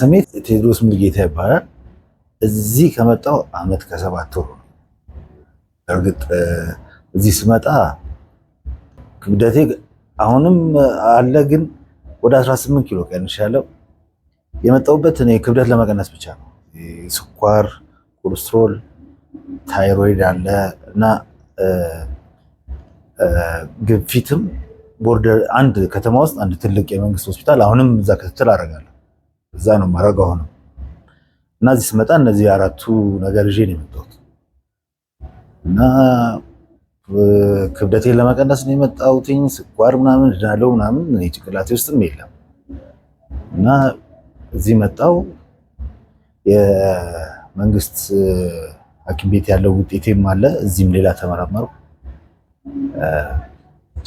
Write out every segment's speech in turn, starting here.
ስሜት ቴዎድሮስ ሙልጌታ ይባላል። እዚህ ከመጣው አመት ከሰባት ወር ነው። እርግጥ እዚህ ስመጣ ክብደቴ አሁንም አለ፣ ግን ወደ 18 ኪሎ ቀንሻለሁ። የመጣሁበት እኔ ክብደት ለመቀነስ ብቻ ነው። ስኳር፣ ኮሌስትሮል፣ ታይሮይድ አለ እና ግፊትም ቦርደር አንድ ከተማ ውስጥ አንድ ትልቅ የመንግስት ሆስፒታል አሁንም እዛ ክትትል አደርጋለሁ። እዛ ነው ማረጋ ነው እና እዚህ ስመጣ እነዚህ አራቱ ነገር ይዤ ነው የመጣሁት እና ክብደቴን ለመቀነስ ነው የመጣሁትኝ። ስኳር ምናምን ድናለው ምናምን ጭንቅላቴ ውስጥም የለም እና እዚህ መጣው የመንግስት ሐኪም ቤት ያለው ውጤቴም አለ። እዚህም ሌላ ተመራመርኩ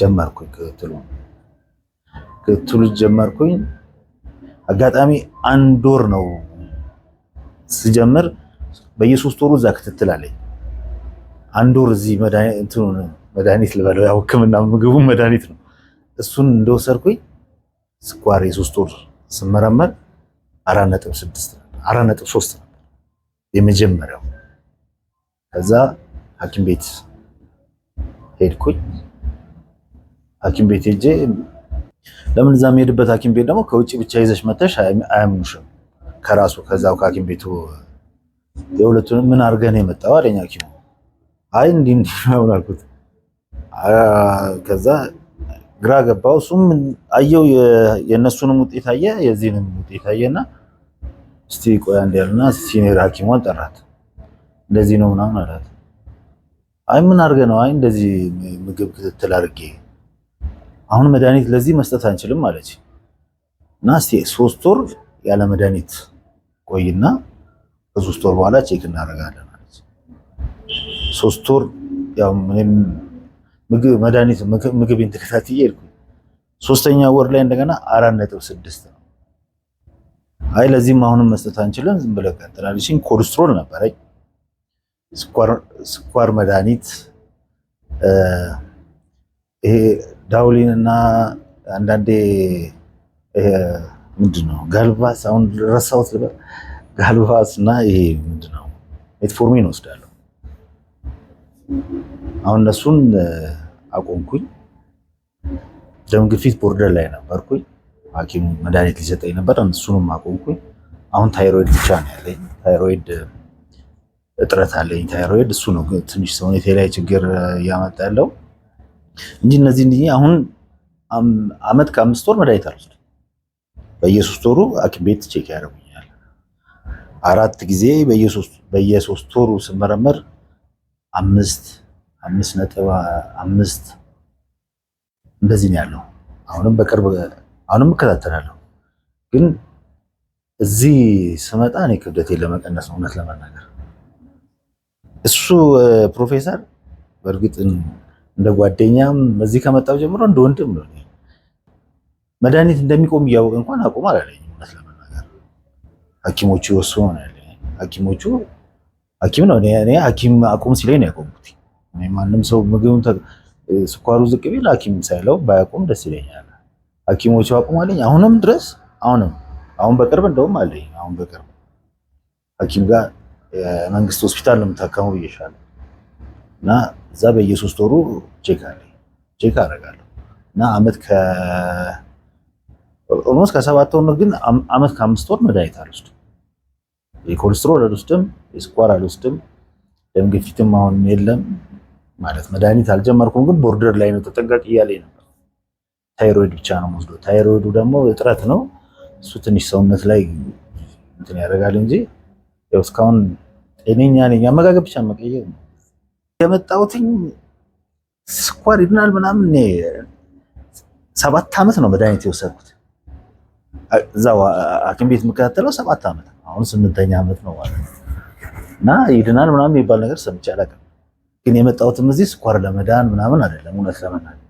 ጀመርኩኝ። ክትሉ ክትሉ ጀመርኩኝ። አጋጣሚ አንድ ወር ነው ስጀምር፣ በየሶስት ወሩ እዛ ክትትል አለኝ። አንድ ወር እዚህ መድኃኒት ልበለው፣ ያው ሕክምና ምግቡ መድኃኒት ነው። እሱን እንደወሰድኩኝ ስኳር የሶስት ወር ስመረመር አራት ነጥብ ስድስት አራት ነጥብ ሶስት የመጀመሪያው። ከዛ ሐኪም ቤት ሄድኩኝ። ሐኪም ቤት ሄጄ ለምን እዛ የሚሄድበት ሐኪም ቤት ደግሞ ከውጭ ብቻ ይዘሽ መተሽ አያምኑሽም። ከራሱ ከዛው ከሐኪም ቤቱ የሁለቱንም ምን አድርገን የመጣው አለኝ ሐኪሙ። አይ እንዲህ እንዲህ ነው አልኩት። ከዛ ግራ ገባው። እሱም አየው የእነሱንም ውጤት አየ፣ የዚህንም ውጤት አየና እስቲ ቆያ እንዲያልና ሲኒየር ሐኪሟን ጠራት። እንደዚህ ነው ምናምን አላት። አይ ምን አድርገ ነው? አይ እንደዚህ ምግብ ክትትል አድርጌ አሁን መድኃኒት ለዚህ መስጠት አንችልም አለች እና እስቲ ሶስት ወር ያለ መድኃኒት ቆይና ከሶስት ወር በኋላ ቼክ እናደርጋለን አለች። ሶስት ወር ያው ምንም ምግብ መድኃኒት ምግብን ተከታትዬ ሄድኩ። ሶስተኛ ወር ላይ እንደገና አራት ነጥብ ስድስት ነው። አይ ለዚህም አሁንም መስጠት አንችልም፣ ዝም ብለህ ቀጥል አለችኝ። ኮሌስትሮል ነበረኝ፣ ስኳር መድኃኒት ይሄ ዳውሊን እና አንዳንዴ ምንድን ነው ጋልባስ፣ አሁን ረሳሁት ልበል፣ ጋልባስ እና ይሄ ምንድን ነው ሜትፎርሚን ወስዳለሁ። አሁን እነሱን አቆምኩኝ። ደም ግፊት ቦርደር ላይ ነበርኩኝ። ሐኪሙ መድኃኒት ሊሰጠኝ ነበር፣ እሱንም አቆምኩኝ። አሁን ታይሮይድ ብቻ ነው ያለኝ። ታይሮይድ እጥረት አለኝ። ታይሮይድ እሱ ነው ትንሽ ሰውነቴ ላይ ችግር እያመጣ ያለው። እንጂ እነዚህ እንዲህ አሁን አመት ከአምስት ወር መድኃኒት አልወስድ በየሶስት ወሩ ሐኪም ቤት ቼክ ያደርጉኛል። አራት ጊዜ በየሶስት ወሩ ስመረመር አምስት አምስት ነጥብ አምስት እንደዚህ ነው ያለው። አሁንም በቅርብ አሁንም እከታተላለሁ፣ ግን እዚህ ስመጣ እኔ ክብደቴን ለመቀነስ ነው እውነት ለመናገር እሱ ፕሮፌሰር በእርግጥ እንደ ጓደኛም እዚህ ከመጣው ጀምሮ እንደ ወንድም ነው። መድኃኒት እንደሚቆም እያወቀ እንኳን አቁም አላለኝ። እውነት ለመናገር ሐኪሞቹ ይወስኑ ነው ያለኝ። ሐኪሞቹ ሐኪም ነው። እኔ ሐኪም አቁም ሲለኝ ነው ያቆምኩት። ማንም ሰው ምግቡን ስኳሩ ዝቅ ቢል ሐኪም ሳይለው ባያቆም ደስ ይለኛል። ሐኪሞቹ አቁም አለኝ። አሁንም ድረስ አሁንም አሁን በቅርብ እንደውም አለኝ። አሁን በቅርብ ሐኪም ጋር መንግስት ሆስፒታል ነው የምታከመው ብዬሻለሁ እና እዛ በየሶስት ወሩ ቼክ አለ ቼክ አደርጋለሁ እና አመት ከ ኦልሞስት ከሰባት ወር ግን አመት ከአምስት ወር መድኃኒት አልወስድም። የኮሌስትሮል አልወስድም፣ የስኳር አልወስድም፣ ደም ግፊትም አሁን የለም ማለት መድኃኒት አልጀመርኩም፣ ግን ቦርደር ላይ ነው ተጠንቀቅ እያለ ነበር። ታይሮይድ ብቻ ነው ወስዶ ታይሮይዱ ደግሞ እጥረት ነው እሱ ትንሽ ሰውነት ላይ እንትን ያደርጋል እንጂ ያው እስካሁን ጤነኛ ነኝ። አመጋገብ ብቻ መቀየር ነው የመጣሁትኝ ስኳር ይድናል ምናምን ሰባት ዓመት ነው መድኃኒት የወሰድኩት። እዛው ሐኪም ቤት የምከታተለው ሰባት ዓመት አሁን ስምንተኛ ዓመት ነው ማለት ነው። እና ይድናል ምናምን የሚባል ነገር ሰምቼ አላውቅም። ግን የመጣሁትም እዚህ ስኳር ለመዳን ምናምን አይደለም። እውነት ለመናገር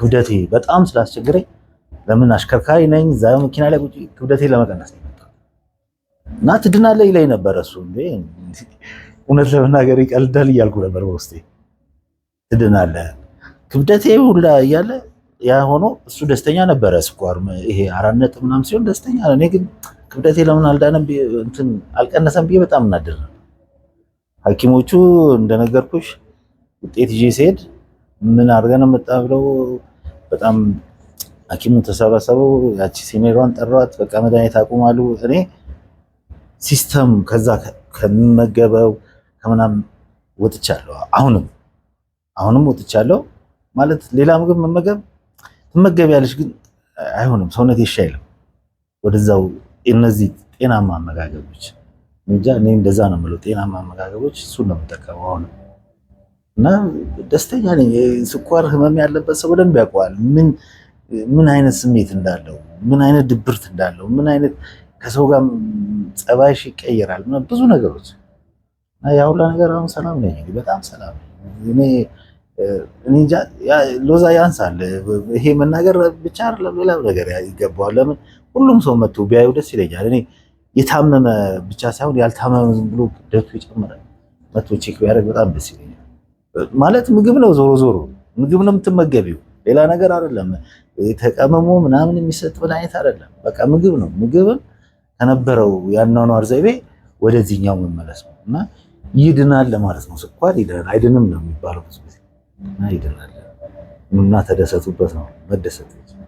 ክብደቴ በጣም ስላስቸግረኝ ለምን አሽከርካሪ ነኝ፣ እዛ መኪና ላይ ቁጭ ክብደቴ ለመቀነስ ነው እና ትድናለህ ይለኝ ነበረ እሱ እውነት ለመናገር ይቀልዳል እያልኩ ነበር በውስጤ። ትድናለህ ክብደቴ ሁላ እያለ ያ ሆኖ እሱ ደስተኛ ነበረ። ስኳር ይሄ አራት ነጥብ ምናምን ሲሆን ደስተኛ ነው። እኔ ግን ክብደቴ ለምን አልዳነም እንትን አልቀነሰም ብዬ በጣም እናደር ነው። ሐኪሞቹ እንደነገርኩሽ ውጤት ይዤ ሲሄድ ምን አድርገን መጣ ብለው በጣም ሐኪሙ ተሰባሰበው። ያቺ ሲሜሯን ጠሯት። በቃ መድኃኒት አቁማሉ። እኔ ሲስተም ከዛ ከምመገበው ከምናምን ወጥቻለሁ። አሁንም አሁንም ወጥቻለሁ ማለት ሌላ ምግብ መመገብ ትመገቢያለሽ፣ ግን አይሆንም። ሰውነት ይሻይልም አይልም ወደዛው እነዚህ ጤናማ አመጋገቦች እንጃ እኔ እንደዛ ነው የምለው። ጤናማ አመጋገቦች እሱን ነው የምጠቀመው አሁን እና ደስተኛ ነኝ። ስኳር ህመም ያለበት ሰው በደንብ ያውቀዋል። ምን ምን አይነት ስሜት እንዳለው፣ ምን አይነት ድብርት እንዳለው፣ ምን አይነት ከሰው ጋር ጸባይሽ ይቀየራል ብዙ ነገሮች ያ ሁላ ነገር አሁን ሰላም ነኝ፣ በጣም ሰላም እኔ ሎዛ ያንሳል። ይሄ መናገር ብቻ አይደለም፣ ሌላ ነገር ይገባዋል። ለምን ሁሉም ሰው መጥቶ ቢያዩ ደስ ይለኛል። እኔ የታመመ ብቻ ሳይሆን ያልታመመ ብሎ ደቱ ይጨምራል መጥቶ ቼክ ቢያደርግ በጣም ደስ ይለኛል። ማለት ምግብ ነው፣ ዞሮ ዞሮ ምግብ ነው የምትመገቢው፣ ሌላ ነገር አይደለም። ተቀመሞ ምናምን የሚሰጥ ምን አይነት አይደለም፣ በቃ ምግብ ነው። ምግብን ከነበረው ያኗኗር ዘይቤ ወደዚህኛው መመለስ ነው እና ይድናል ለማለት ነው። ስኳር ይድናል አይድንም ነው የሚባለው ብዙ ጊዜ እና ይድናል እና ተደሰቱበት ነው መደሰት